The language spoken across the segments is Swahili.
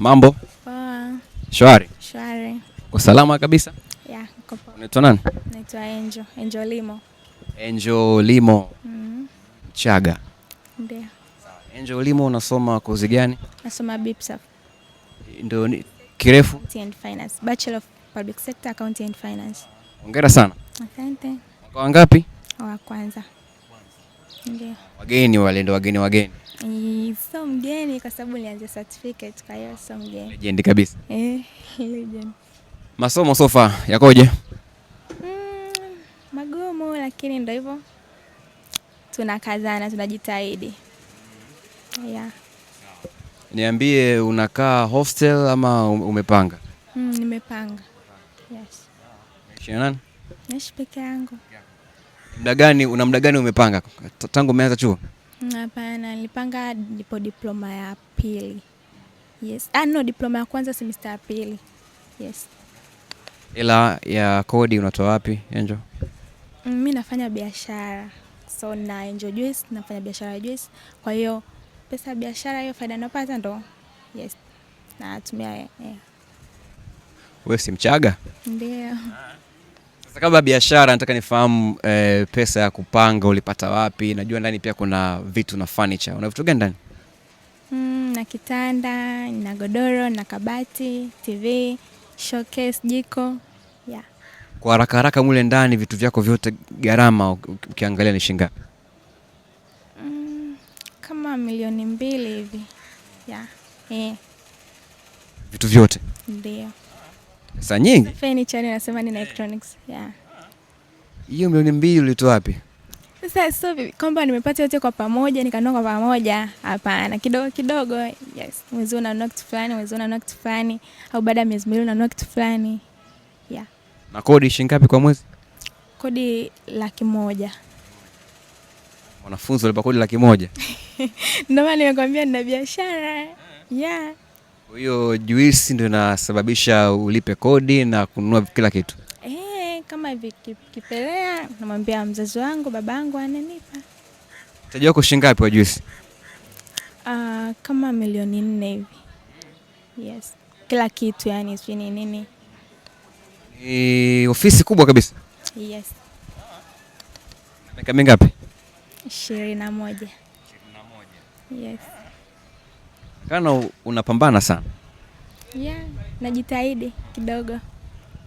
Mambo? Poa. Shwari? Shwari. Usalama kabisa? Yeah, poa. Unaitwa nani? Naitwa enjo enjo Limo. enjo Limo. Mm. Chaga. enjo Limo unasoma kozi gani? Nasoma bipsa Ndio ni kirefu? Accounting and Finance. Bachelor of Public Sector Accounting and Finance. Hongera sana. Asante. Mwaka ngapi? Wa kwanza. Ndio. Wageni wale ndio wageni wageni. Eh, mgeni kwa sababu nilianza certificate kwa hiyo so mgeni. Legend kabisa. Eh, legend. Masomo sofa yakoje? Mm, magumu lakini ndio hivyo. Tunakazana, tunajitahidi. Yeah. Niambie unakaa hostel ama umepanga? Mm, nimepanga. Yes. Naishi nani? Naishi peke yangu muda gani, una muda gani umepanga tangu umeanza chuo? Hapana, nilipanga ndipo diploma ya pili. Yes. Ah, no, diploma ya kwanza semester ya pili. Yes. Ila ya kodi unatoa wapi, Angel? Mimi mm, nafanya biashara. So na Angel Juice nafanya biashara ya juice. Kwa hiyo pesa ya biashara hiyo faida napata ndo. Yes. Natumia. Yeah. Wewe si Mchaga? Ndio. Ah. Sasa kabla biashara, nataka nifahamu e, pesa ya kupanga ulipata wapi? Najua ndani pia kuna vitu na furniture. Una vitu gani ndani? Mm, na kitanda na godoro na kabati, TV, showcase, jiko yeah. Kwa haraka haraka mule ndani vitu vyako vyote gharama ukiangalia ni shilingi ngapi? Mm, kama milioni mbili hivi yeah. Eh. Vitu vyote ndio saa nyingi? Furniture nasema ni electronics. Yeah. Hiyo milioni mbili ulitoa wapi? Sasa sio kwamba nimepata yote kwa pamoja nikanunua kwa pamoja, hapana, kidogo kidogo. Yes, mwezi unanunua kitu fulani, mwezi unanunua kitu fulani, au baada ya miezi miwili unanunua kitu fulani. Yeah. Na kodi shilingi ngapi kwa mwezi? Kodi laki moja. Mwanafunzi kodi laki moja. Ndio maana nimekwambia nina biashara. Yeah. Kwa hiyo juisi ndio inasababisha ulipe kodi na kununua kila kitu e, kama hivi kipelea, namwambia mzazi wangu, baba yangu ananipa. Mtaji wako shilingi ngapi wa juisi? Uh, kama milioni nne hivi. Yes, kila kitu yani, sijui ni nini. Ni ofisi kubwa kabisa. Yes. Miaka mingapi? ishirini na moja. Yes. Kana unapambana sana. Yeah, najitahidi kidogo.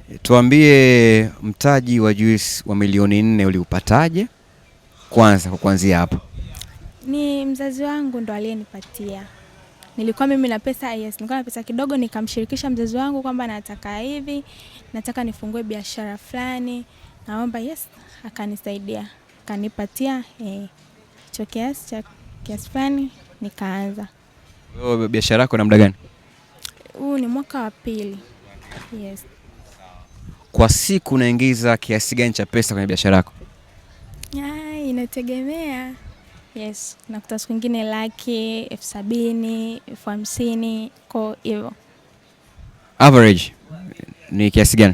Eh, tuambie mtaji wa juisi wa milioni nne uliupataje? Kwanza kwa kuanzia hapo. Ni mzazi wangu ndo aliyenipatia. Nilikuwa mimi na pesa yes, nilikuwa na pesa kidogo nikamshirikisha mzazi wangu kwamba nataka hivi, nataka nifungue biashara fulani. Naomba yes, akanisaidia. Akanipatia eh, hicho kiasi cha kiasi fulani nikaanza. Wewe biashara yako muda gani? Huu ni mwaka wa pili. Yes. Kwa siku unaingiza kiasi gani cha pesa kwenye biashara yako? Inategemea. Yes, nakuta siku nyingine laki, elfu sabini, elfu hamsini kwa hivyo. Average ni kiasi gani?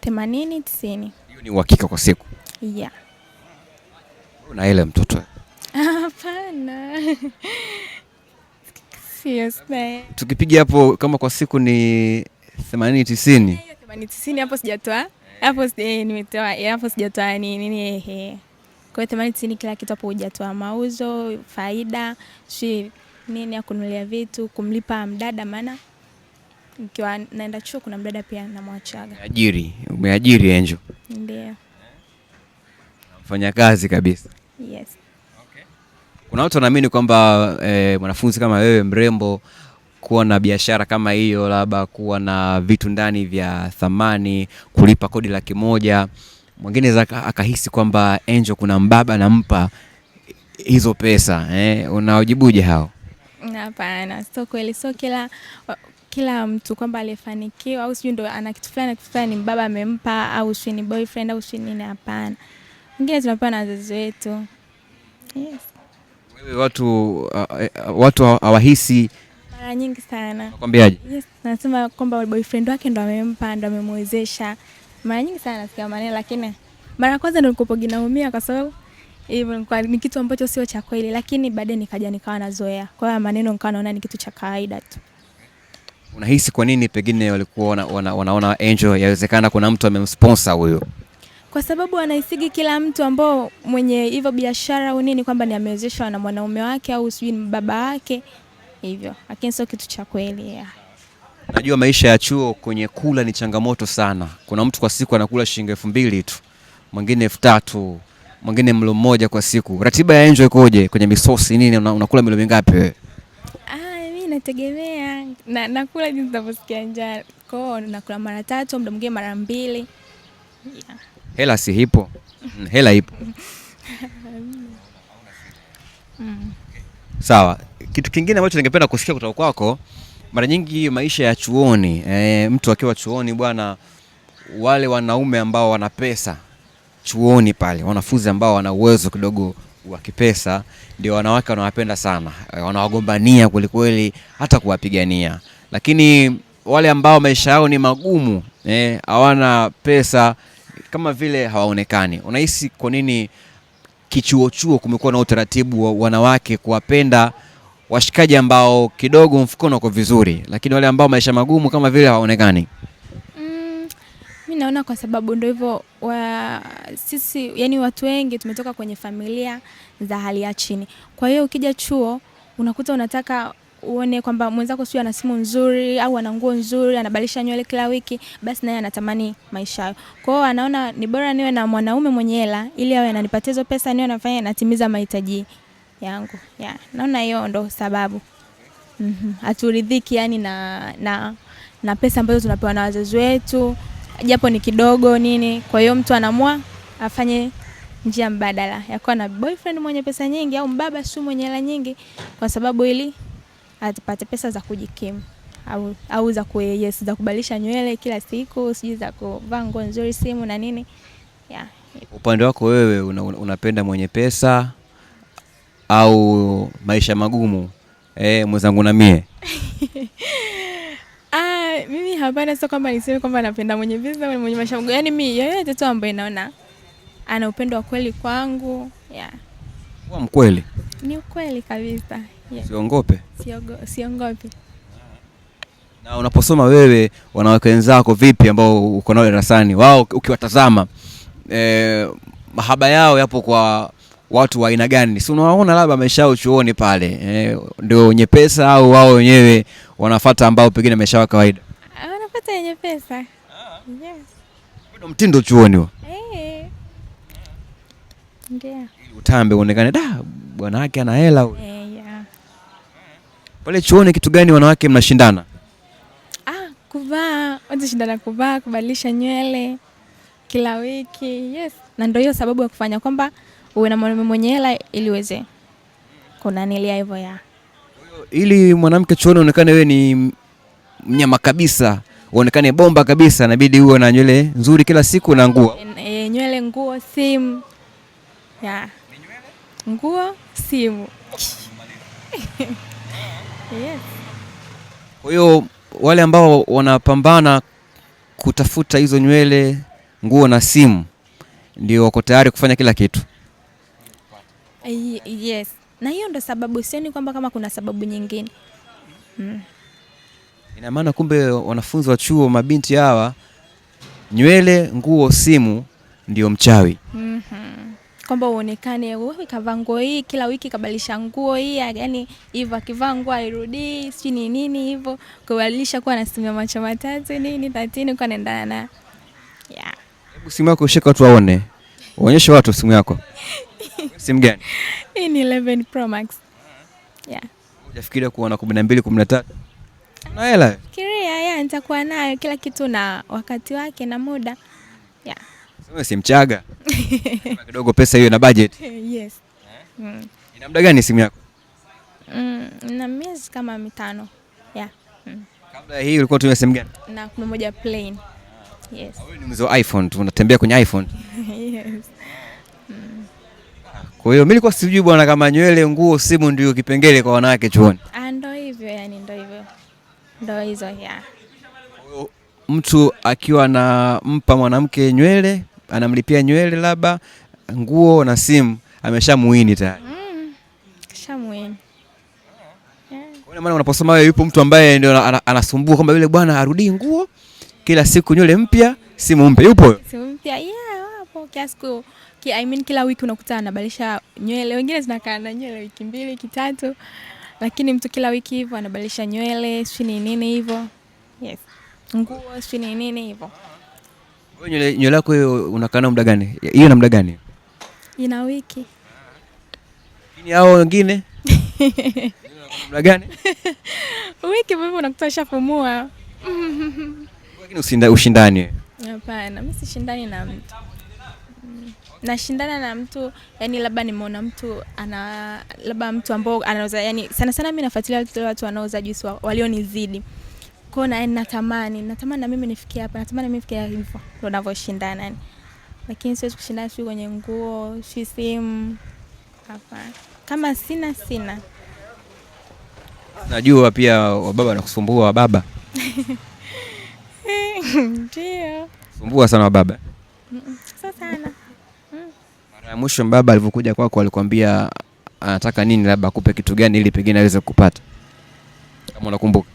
Themanini, tisini. Hiyo ni uhakika kwa siku? Yeah. Una ile mtoto? Hapana. Tukipiga hapo kama kwa siku ni 80 90. 80 hapo sijatoa. Hapo eh, nimetoa eh, hapo sijatoa ni nini ehe. Kwa hiyo 80 kila kitu hapo hujatoa mauzo, faida, shi nini ya kununulia vitu, kumlipa mdada maana nikiwa naenda chuo kuna mdada pia namwachaga. Ajiri, umeajiri Angel? Ndio. Mfanya kazi kabisa. Yes. Kuna watu wanaamini kwamba e, mwanafunzi kama wewe mrembo, kuwa na biashara kama hiyo, labda kuwa na vitu ndani vya thamani, kulipa kodi laki moja, mwingine akahisi kwamba Angel kuna mbaba anampa hizo pesa eh, unawajibuje hao? Hapana, sio kweli, sio kila kila mtu kwamba alifanikiwa au sijui ndo ana kitu fulani kitu fulani mbaba amempa au sijui ni boyfriend au sijui nini. Hapana, wengine tunapewa na wazazi wetu. Yes. Wewe watu uh, watu hawahisi mara nyingi sana. Nakwambiaje? Yes, nasema kwamba boyfriend wake ndo amempa ndo amemwezesha. Mara nyingi sana nasikia maneno, lakini mara kwanza ndo nikopo ginaumia kwa sababu hivyo ni kitu ambacho sio cha kweli, lakini baadaye nikaja nikawa nazoea. Kwa hiyo maneno nikawa naona ni kitu cha kawaida tu. Unahisi kwa nini pengine walikuwa wanaona wana, wana, wana Angel yawezekana kuna mtu amemsponsor huyo? kwa sababu anaisigi kila mtu ambao mwenye hivyo biashara au nini kwamba ni amewezeshwa na mwanaume wake au sijui ni baba wake hivyo, lakini sio kitu cha kweli yeah. Najua maisha ya chuo kwenye kula ni changamoto sana. Kuna mtu kwa siku anakula shilingi elfu mbili tu, mwingine elfu tatu, mwingine mlo mmoja kwa siku. Ratiba ya enjoy ikoje kwenye misosi nini? Unakula milo mingapi wewe? Ah, mimi nategemea na, nakula jinsi ninavyosikia njaa. kwao nakula mara tatu, muda mwingine mara mbili yeah. Hela si hipo hela ipo. Sawa. Kitu kingine ambacho ningependa kusikia kutoka kwako, mara nyingi maisha ya chuoni e, mtu akiwa chuoni bwana, wale wanaume ambao wana pesa chuoni pale, wanafunzi ambao wana uwezo kidogo wa kipesa, ndio wanawake wanawapenda sana, eh, wanawagombania kwelikweli, hata kuwapigania. Lakini wale ambao maisha yao ni magumu, eh, hawana e, pesa kama vile hawaonekani. Unahisi kwa nini kichuochuo kumekuwa na utaratibu wa wanawake kuwapenda washikaji ambao kidogo mfukoni wako vizuri, lakini wale ambao maisha magumu kama vile hawaonekani? Mm, mi naona kwa sababu ndio hivyo wa, sisi yani watu wengi tumetoka kwenye familia za hali ya chini, kwa hiyo ukija chuo unakuta unataka uone kwamba mwenzako sio ana simu nzuri au ana nguo nzuri, anabalisha nywele kila wiki, basi naye anatamani maisha hayo. Kwa hiyo anaona ni bora niwe na mwanaume mwenye hela ili awe ananipatia hizo pesa, niwe nafanya natimiza mahitaji yangu. Yeah, naona hiyo ndo sababu Mhm. mm -hmm. Haturidhiki yani na, na, na pesa ambazo tunapewa na wazazi wetu, japo ni kidogo nini. Kwa hiyo mtu anaamua afanye njia mbadala ya kuwa na boyfriend mwenye pesa nyingi au mbaba sio mwenye hela nyingi, kwa sababu ili azipate pesa za kujikimu au, au za ku, yes, za kubadilisha nywele kila siku, sijui za kuvaa nguo nzuri, simu na nini yeah. Upande wako wewe una, unapenda mwenye pesa au maisha magumu eh, mwenzangu na mie? Ah, mimi hapana, sio kwamba niseme kwamba napenda mwenye pesa mwenye maisha magumu, yaani mimi yoyote tu ambaye naona ana upendo wa kweli kwangu yeah. Kwa mkweli ni ukweli kabisa yeah. Siongope, siogopi. Na unaposoma wewe, wanawake wenzako vipi ambao uko nao darasani, wao ukiwatazama eh, mahaba yao yapo kwa watu wa aina gani? Si unawaona labda maisha yao chuoni pale eh, ndio wenye pesa au wao wenyewe wanafata ambao pengine maisha yao kawaida ah, wanapata wenye pesa yes. mtindo chuoni Eh. hey. Ah. Utambe uonekane da bwana wake ana hela huyo hey. Eh. Pale chuoni kitu gani wanawake mnashindana? Ah, kuvaa, shindana kuvaa, kubadilisha nywele kila wiki. Yes, na ndio hiyo sababu ya kufanya kwamba uwe na mwanaume mwenye hela ili uweze kunanilia hivyo ya. Ili mwanamke chuoni onekane wewe ni mnyama kabisa, uonekane bomba kabisa, inabidi uwe na nywele nzuri kila siku na nguo. E, nywele, nguo, simu. Ya. Nguo, simu. Kwa hiyo wale ambao wanapambana kutafuta hizo nywele, nguo na simu ndio wako tayari kufanya kila kitu. Yes, na hiyo ndo sababu, sioni kwamba kama kuna sababu nyingine mm. Ina maana kumbe wanafunzi wa chuo, mabinti hawa, nywele, nguo, simu ndio mchawi. mm -hmm kwamba uonekane wewe kavaa nguo hii kila wiki, kabadilisha nguo hii, yani hivyo, akivaa nguo airudi, sijui ni nini hivyo, kubadilisha kuwa anasimia macho matatu nini tatini, kwa nenda na yeah. Hebu simu yako ushike watu waone, uonyeshe watu simu yako. Simu gani? Hii ni 11 Pro Max. Yeah. Unafikiria kuona 12, 13? Una hela? Fikiria, yeah, nitakuwa nayo kila kitu na wakati wake na muda. Yeah. Wewe si Mchaga kidogo pesa hiyo na budget. Eh, yes. Eh? Mm. Ina muda gani simu yako? Mm, na miezi kama mitano. Yeah. Mm. Kabla ya hii ulikuwa unatumia simu gani? Na kuna moja plain. Yes. Wewe ni mzo iPhone tu unatembea kwenye iPhone. Yes. Mm. Ah, kwa hiyo mimi nilikuwa sijui bwana kama nywele, nguo, simu ndio kipengele kwa wanawake chuoni. Ah, ndio hivyo yani, ndio hivyo. Ndio hizo, yeah. Mtu akiwa anampa mwanamke nywele anamlipia nywele, labda nguo na simu, ameshamuini tayari. Mm, kashamuini. Kwa wewe, yupo mtu ambaye ndio anasumbua kwamba yule bwana arudi nguo kila siku, nywele mpya, simu mpya, yupo yeah, ki, I mean, kila wiki unakuta anabadilisha nywele, wengine zinakaa na nywele wiki mbili kitatu, lakini mtu kila wiki hivyo anabadilisha nywele, sijui ni nini hivyo, yes, nguo sijui ni nini hivyo. Wewe nywele yako hiyo unakana muda gani? Hiyo na muda gani? Ina wiki. Lakini hao wengine? Muda gani? Wiki vipi unakuta shafumua. Lakini usinda ushindani. Hapana, mimi sishindani na mtu. Mm. Nashindana na mtu yani, labda nimeona mtu ana labda mtu ambao anauza yani, sana sana mimi nafuatilia watu wanaouza juisi walionizidi kwa hiyo natamani, natamani na mimi nifikie hapa, natamani mimi nifikie hivyo, tunavyoshindana, yani. Lakini siwezi kushindana sio kwenye nguo, si simu. hapa, Kama sina sina. Najua pia wababa wanakusumbua wababa. Ndio. Sumbua sana wababa. Sasa sana. Mm. Mara ya mwisho mbaba alivyokuja kwako alikwambia anataka nini, labda akupe kitu gani ili pengine aweze kupata, kama unakumbuka?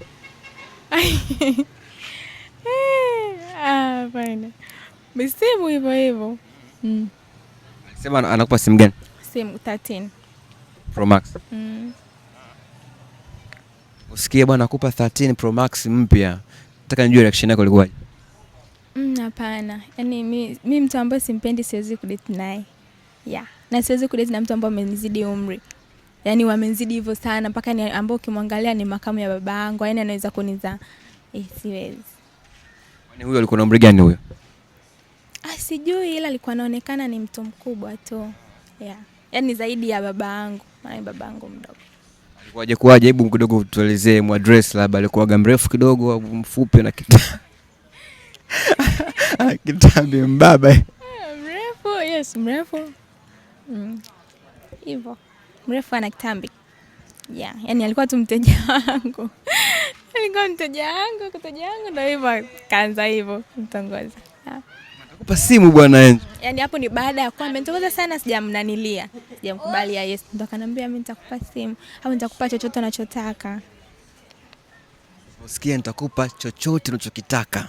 Hapana, simu hivyo hivyo. Mm. Sema anakupa simu gani? Simu 13 Pro Max. Mm. Usikie bwana akupa 13 Pro Max mpya, nataka nijue reaction yako ilikuwaje? Mm, hapana, yaani mi, mi mtu ambaye simpendi siwezi kudate naye yeah. Na siwezi kudate na mtu ambaye amenizidi umri yani wamenzidi hivyo sana mpaka ni ambao ukimwangalia ni makamu ya baba yangu, yani anaweza kuniza eh, siwezi. Huyo alikuwa na umri gani huyo? Ah, sijui ila alikuwa anaonekana ni mtu mkubwa tu yeah. Yani zaidi ya baba yangu, maana baba yangu mdogo. Alikuwaje kuwaje? Hebu kidogo tuelezee mu address, labda alikuwaga mrefu kidogo au mfupi na kitu kitambi mbaba eh, mrefu? Yes, mrefu mm. hivyo mm mrefu ana kitambi yeah. Yani alikuwa tu mteja wangu alikuwa mteja wangu mteja wangu, ndio hivyo kaanza hivyo mtongoza yeah. Nakupa simu bwana Enzo. Yani hapo ni baada ya kuwa amenitongoza sana, sijamnanilia sijamkubalia, yes, ndo akanambia mimi nitakupa simu au nitakupa chochote unachotaka. Usikia, nitakupa chochote unachokitaka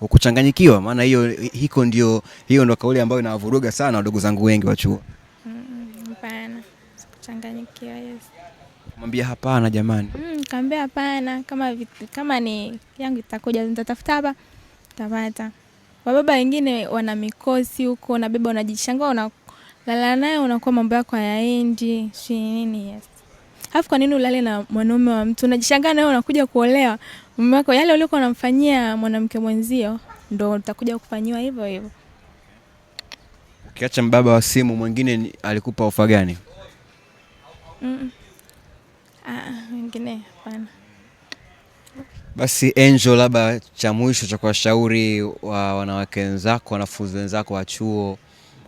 ukuchanganyikiwa, maana hiyo hiko ndio hiyo ndo kauli ambayo inawavuruga sana wadogo zangu wengi wa chuo. Ndio, yes. Mwambia hapana jamani. Mm, kaambia hapana kama vitu, kama ni yangu itakuja nitatafuta hapa tapata. Wababa wengine wana mikosi huko na beba unajishangaa unalala naye unakuwa mambo yako hayaendi, si nini yes. Alafu kwa nini ulale na mwanaume wa mtu? Unajishangaa naye unakuja kuolewa. Mume wako yale uliokuwa unamfanyia mwanamke mwenzio ndo utakuja kufanyiwa hivyo hivyo. Ukiacha mbaba wa simu mwingine alikupa ofa gani? Ah, wengine hapana. Basi Angel, labda cha mwisho cha kuwashauri wa wanawake wenzako, wanafunzi wenzako wa chuo,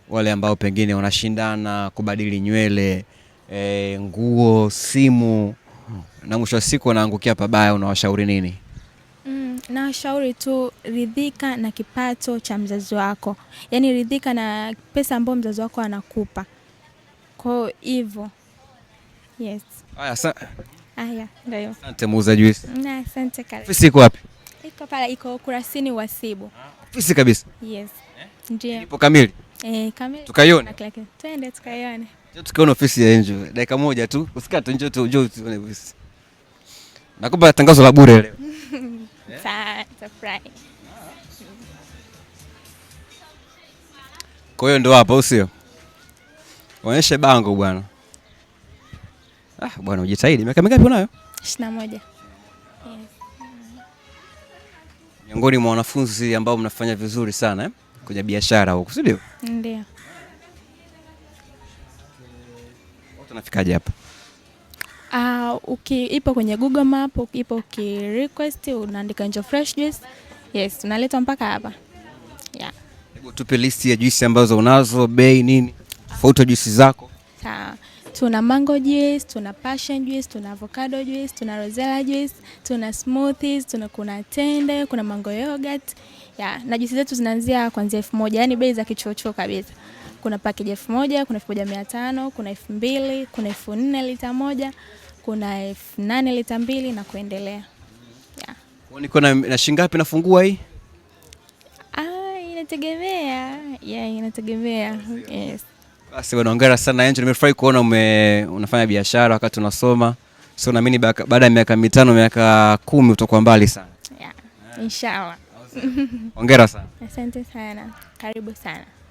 wale ambao pengine wanashindana kubadili nywele, e, nguo, simu na mwisho wa siku wanaangukia pabaya, unawashauri nini? Mm, nawashauri tu ridhika na kipato cha mzazi wako, yaani ridhika na pesa ambayo mzazi wako anakupa, kwao hivyo Yes. Haya, haya ndio. Asante muuzaji juisi. Na asante karibu. Ofisi iko wapi? Iko pale, iko Kurasini Wasibu. Ofisi kabisa. Yes. Eh? Ndio. Ipo kamili? Eh, kamili. Tukaione. Twende tukaione. Tukiona ofisi ya Angel. Dakika moja tu. Usikate njoo tu njoo tuone ofisi. Nakupa tangazo la bure leo. Kwa hiyo ndo hapa, au sio? Onyeshe bango bwana. Ah, bwana ujitahidi. Miaka mingapi unayo? 21. Miongoni mwa wanafunzi ambao mnafanya vizuri sana eh, kwenye biashara huko, si ndio? Ndio. Unafikaje hapa? Uh, uki, ipo kwenye Google Map, ipo uki request unaandika njo fresh juice. Yes, tunaleta mpaka hapa. Yeah. Hebu tupe list ya juisi ambazo unazo, bei nini? Tofauti juisi zako. Sawa tuna mango juice, tuna passion juice, tuna avocado juice, tuna rosella juice, tuna smoothies, tuna kuna tende, kuna mango yogurt. Ya, na juisi zetu zinaanzia kuanzia elfu moja, yani bei za kichochoro kabisa. Kuna package elfu moja, kuna elfu moja mia tano, kuna elfu mbili, kuna elfu nne lita moja, kuna elfu nane lita mbili na kuendelea. Niko na, na shingapi nafungua hii? Ah, inategemea. Yeah, inategemea. Yes. Basi bwana, hongera sana Angel, nimefurahi kuona ume, unafanya biashara wakati unasoma, so naamini baada ya miaka mitano miaka kumi utakuwa mbali sana yeah. Yeah. Inshallah. Hongera sana. Asante sana, karibu sana.